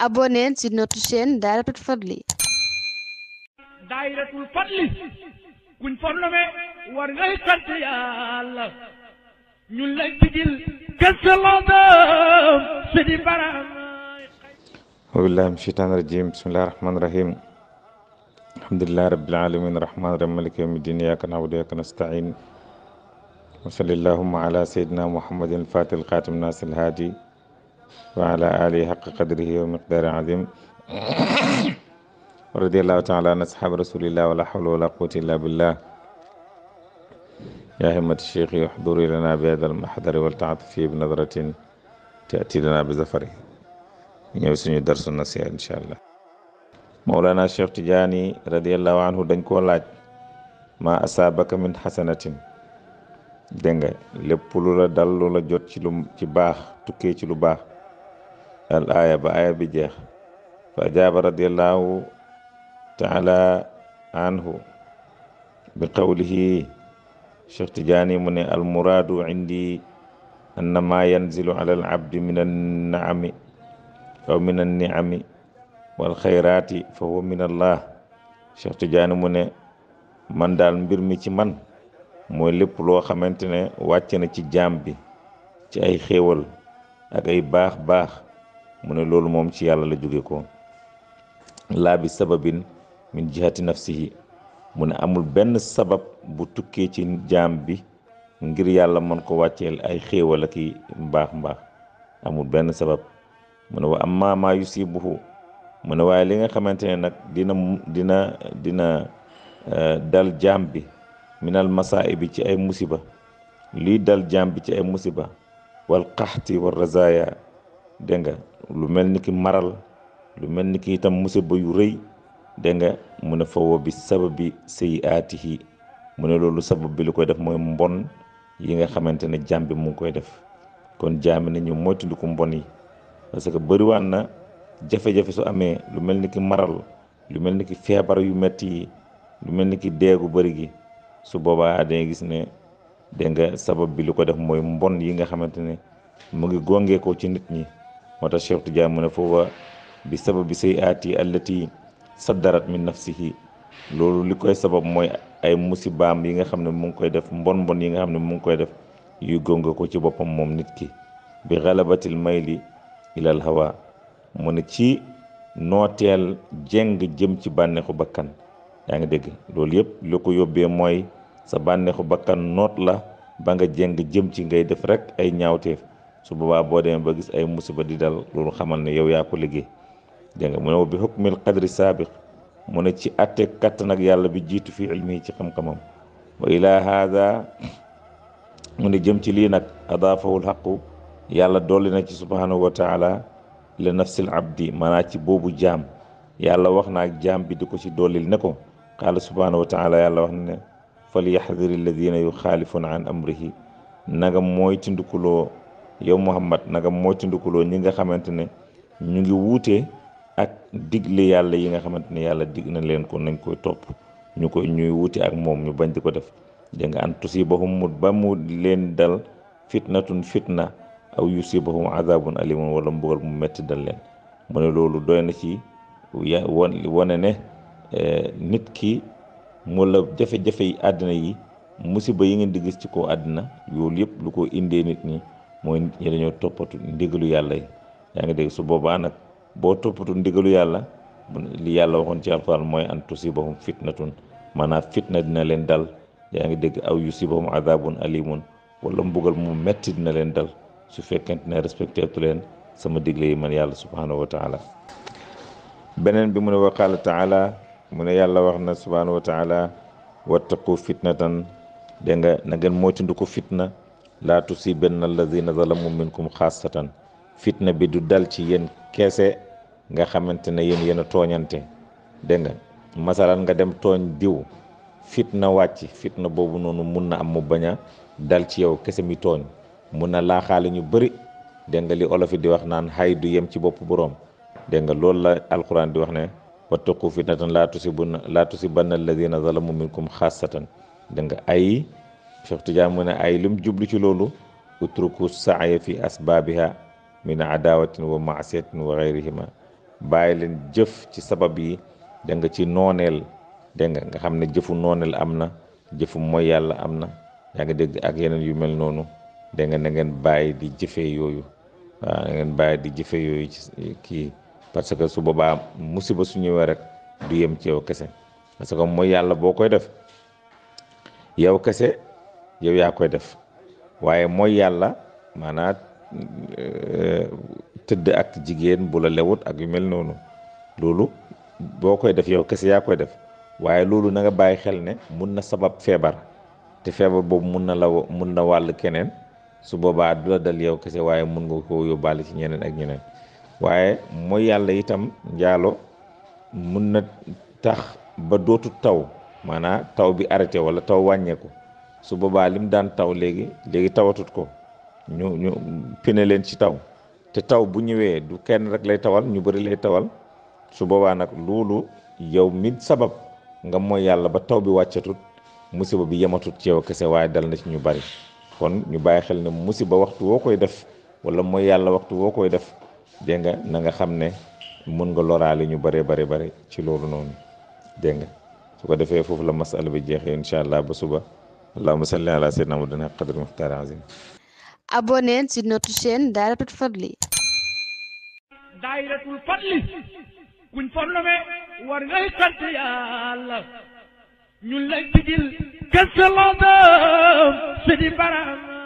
abonnez sur notre chaîne Dahiratoul Fadly Dahiratoul Fadly kuñ fornome war ngay sant yàlla ñun lay tigil kësalaadam sidi baram wabillahi min shaytan rajim bismillahi rahmani rahim alhamdulillahi rabbil alamin rahman rahim maliki yawmi din iyyaka na'budu wa iyyaka nasta'in wa salli allahumma ala sayyidina muhammadin al-fatih al-khatim nasir al-hadi wa ala alihi haqqa qadrihi wa miqdaari azim radiallahu taala an ashaab rasulillah wala hawla wala quwwata illa billah ya himmata cheikhi uhduri lana bi hada almahdari wal taatufi bi nadratin taati lana bi zafari ñëw suñu darsu nasiha incha allah mawlana cheikh tijaani radiallahu anhu dañ koo laaj ma asaabaka min xasanatin dégg nga lépp lu la dal lu la jot ci lu ci baax tukkee ci lu baax al ba aaya bi jeex fa ajaaba radiallahu taala anhu bi qawlihi cheikh tijaani mu ne almuraadu indi annama yanzilu ala abdi min an aw min an niami fa huwa min allah cheikh tijaani mu ne man daal mbir ci man mooy lépp loo xamante ne wàcc na ci jaam bi ci ay xéewal ak ay baax mu ne loolu moom ci yàlla la jóge ko laabi bi sababin min jihati nafsihi mu ne amul benn sabab bu tukkee ci jaam bi ngir yàlla mën ko wàcceel ay xéewal ak i mbaax mbaax amul benn sabab mu ne wa amma maa yusibuhu ne waaye li nga xamante ne nag dina dina dina eh, dal jaam bi minal masaa bi ci ay musiba lii dal jaam bi ci ay musiba wal qaxti wal razaaya dégg nga lu mel ni ki maral lu mel ni ki itam ba yu rëy dégg nga mu ne fawoo bi sabab bi sëy aatihi mu ne loolu sabab bi lu koy def mooy mbon yi nga xamante ne jaam bi mu ngi koy def kon jaami nañu ku mbon yi parce que bëriwaan na jafe-jafe su amee lu mel ni ki maral lu mel ni ki feebar yu metti yi lu mel ni ki deegu bëri gi su boobaa dee gis ne dégg nga sabab bi lu ko def mooy mbon yi nga xamante ne mu ngi gongeekoo ci nit ñi moo tax Cheikh Tidiane mu ne foofa bi sababi say aati mi saddarat si nafsihi loolu li koy sabab mooy ay musibaam yi nga xam ne mu ngi koy def mbon mbon yi nga xam ne mu ngi koy def yu gonga ko ci boppam moom nit ki bi xalabatil mayli ilal hawa mu ne ci nooteel jeng jëm ci bànneexu bakkan yaa ngi dégg loolu yëpp li ko yóbbee mooy sa bànneexu bakkan noot la ba nga jeng jëm ci ngay def rek ay ñaawteef su boobaa boo demee ba gis ay musiba di dal loolu xamal ne yow yaa liggéey mu ne wa bi hukmil qadri saabiq mu ne ci atte kattan ak yàlla bi jiitu fi ilmi ci xam-xamam wa haada mu ne jëm ci lii nag adaafahul xaqu na ci subhanahu wa taala li nafsil abdi maanaa ci boobu jaam yàlla wax na ak jaam bi di ko ci dollil ne ko qaala subhanahu wa taala yàlla wax na ne fal yaxdiri amrihi nanga mooy tindukuloo yow Muhammad nanga moytandikuloo ñi nga xamante ne ñu ngi wuute ak digle yàlla yi nga xamante ne yàlla dig na leen ko nañ koy topp ñu koy ñuy wuute ak moom ñu bañ di ko def dégg nga an tusibahum mu ba mu leen dal fitnatun fitna aw yusibahum azabun alimun wala mbugal mu metti dal leen mu ne loolu doy na ci ya won wane ne eh, nit ki wala jafe-jafe yi àddina yi musiba yi ngeen di gis ci kaw àddina yoolu yëpp lu ko indee nit ñi mooy nit ñi dañoo toppatu ndigalu yàlla yi yaa ngi dégg su boobaa nag boo toppatu ndigalu yàlla li yàlla waxoon ci alxuraan mooy an tusibahum fitnatun maanaam fitna dina leen dal yaa ngi dégg aw yusibahum adabun alimun wala mbugal mu metti dina leen dal su fekkent ne respecté tu leen sama digle yi man yàlla subhanahu wa taala beneen bi mu ne wa qaala taala mu ne yàlla wax na subhanahu wa taala wattaqu tan dégg nga na ngeen moytandiku fitna benn laa tusibanna alladina zalamu xaas xaasatan fitna bi du dal ci yéen keese nga xamante ne yéen yéen a tooñante dégg nga masalan nga dem tooñ diw fitna wàcc fitna boobu noonu mun na am mu bañ a dal ci yow kese mi tooñ mun na laa laaxaale ñu bëri dégg nga li olof di wax naan xay du yem ci boppu boroom dégg loolu la alquran di wax ne wattaqu fitnatan laa tusibanna laa tusibanna alladina mu minkum xaasatan dégg nga ay Cheikh Tidiane mu ne ay lim jublu ci loolu utruku saaya fi asbaabiha min adawatin wa maasiyatin wa gayrihima bàyyi leen jëf ci sabab yi da nga ci nooneel dégg nga nga xam ne jëfu nooneel am na jëfum mooy yàlla am na yaa ngi dégg ak yeneen yu mel noonu dégg nga na ngeen bàyyi di jëfee yooyu waaw na bàyyi di jëfe yooyu ci parce que su boobaa musiba su ñëwee rek du yem ci yow kese parce que mooy yàlla boo koy def yow kese yow yaa koy def waaye mooy yàlla maanaa euh, tëdd ak jigéen bu la lewut ak yu mel noonu loolu boo koy def yow kese yaa koy def waaye loolu nanga bàyyi xel ne mun na sabab feebar te feebar boobu mun na la mun na wàll keneen su boobaa du la dal yow kese waaye mun nga ko yóbbaale ci ñeneen ak ñeneen waaye mooy yàlla itam njaalo mun na tax ba dootu taw maanaa taw bi arrêté wala taw wàññeeku su boobaa lim daan taw léegi léegi tawatut ko ñu ñu pine leen ci taw te taw bu ñëwee du kenn rek lay tawal ñu bëri lay tawal su boobaa nag loolu yow mi sabab nga mooy yàlla ba taw bi wàccatut musiba bi yematut ci yow kese waaye dal na ci ñu bari kon ñu bàyyi xel ne musiba waxtu woo koy def wala mooy yàlla waxtu woo koy def de nga nanga xam ne mun nga loraale ñu bare bare bari ci loolu noonu dégg nga su ko defee foofu la masala bi jeexee incha allah ba suba. allahumma salli ala sayyidina muhammadin qadril muxtaar azim abonnez sur notre chaîne Dahiratoul Fadly Dahiratoul Fadly kuñ fonnome war ngay sant yàlla ñun lay digil gëstaloodam sidi baram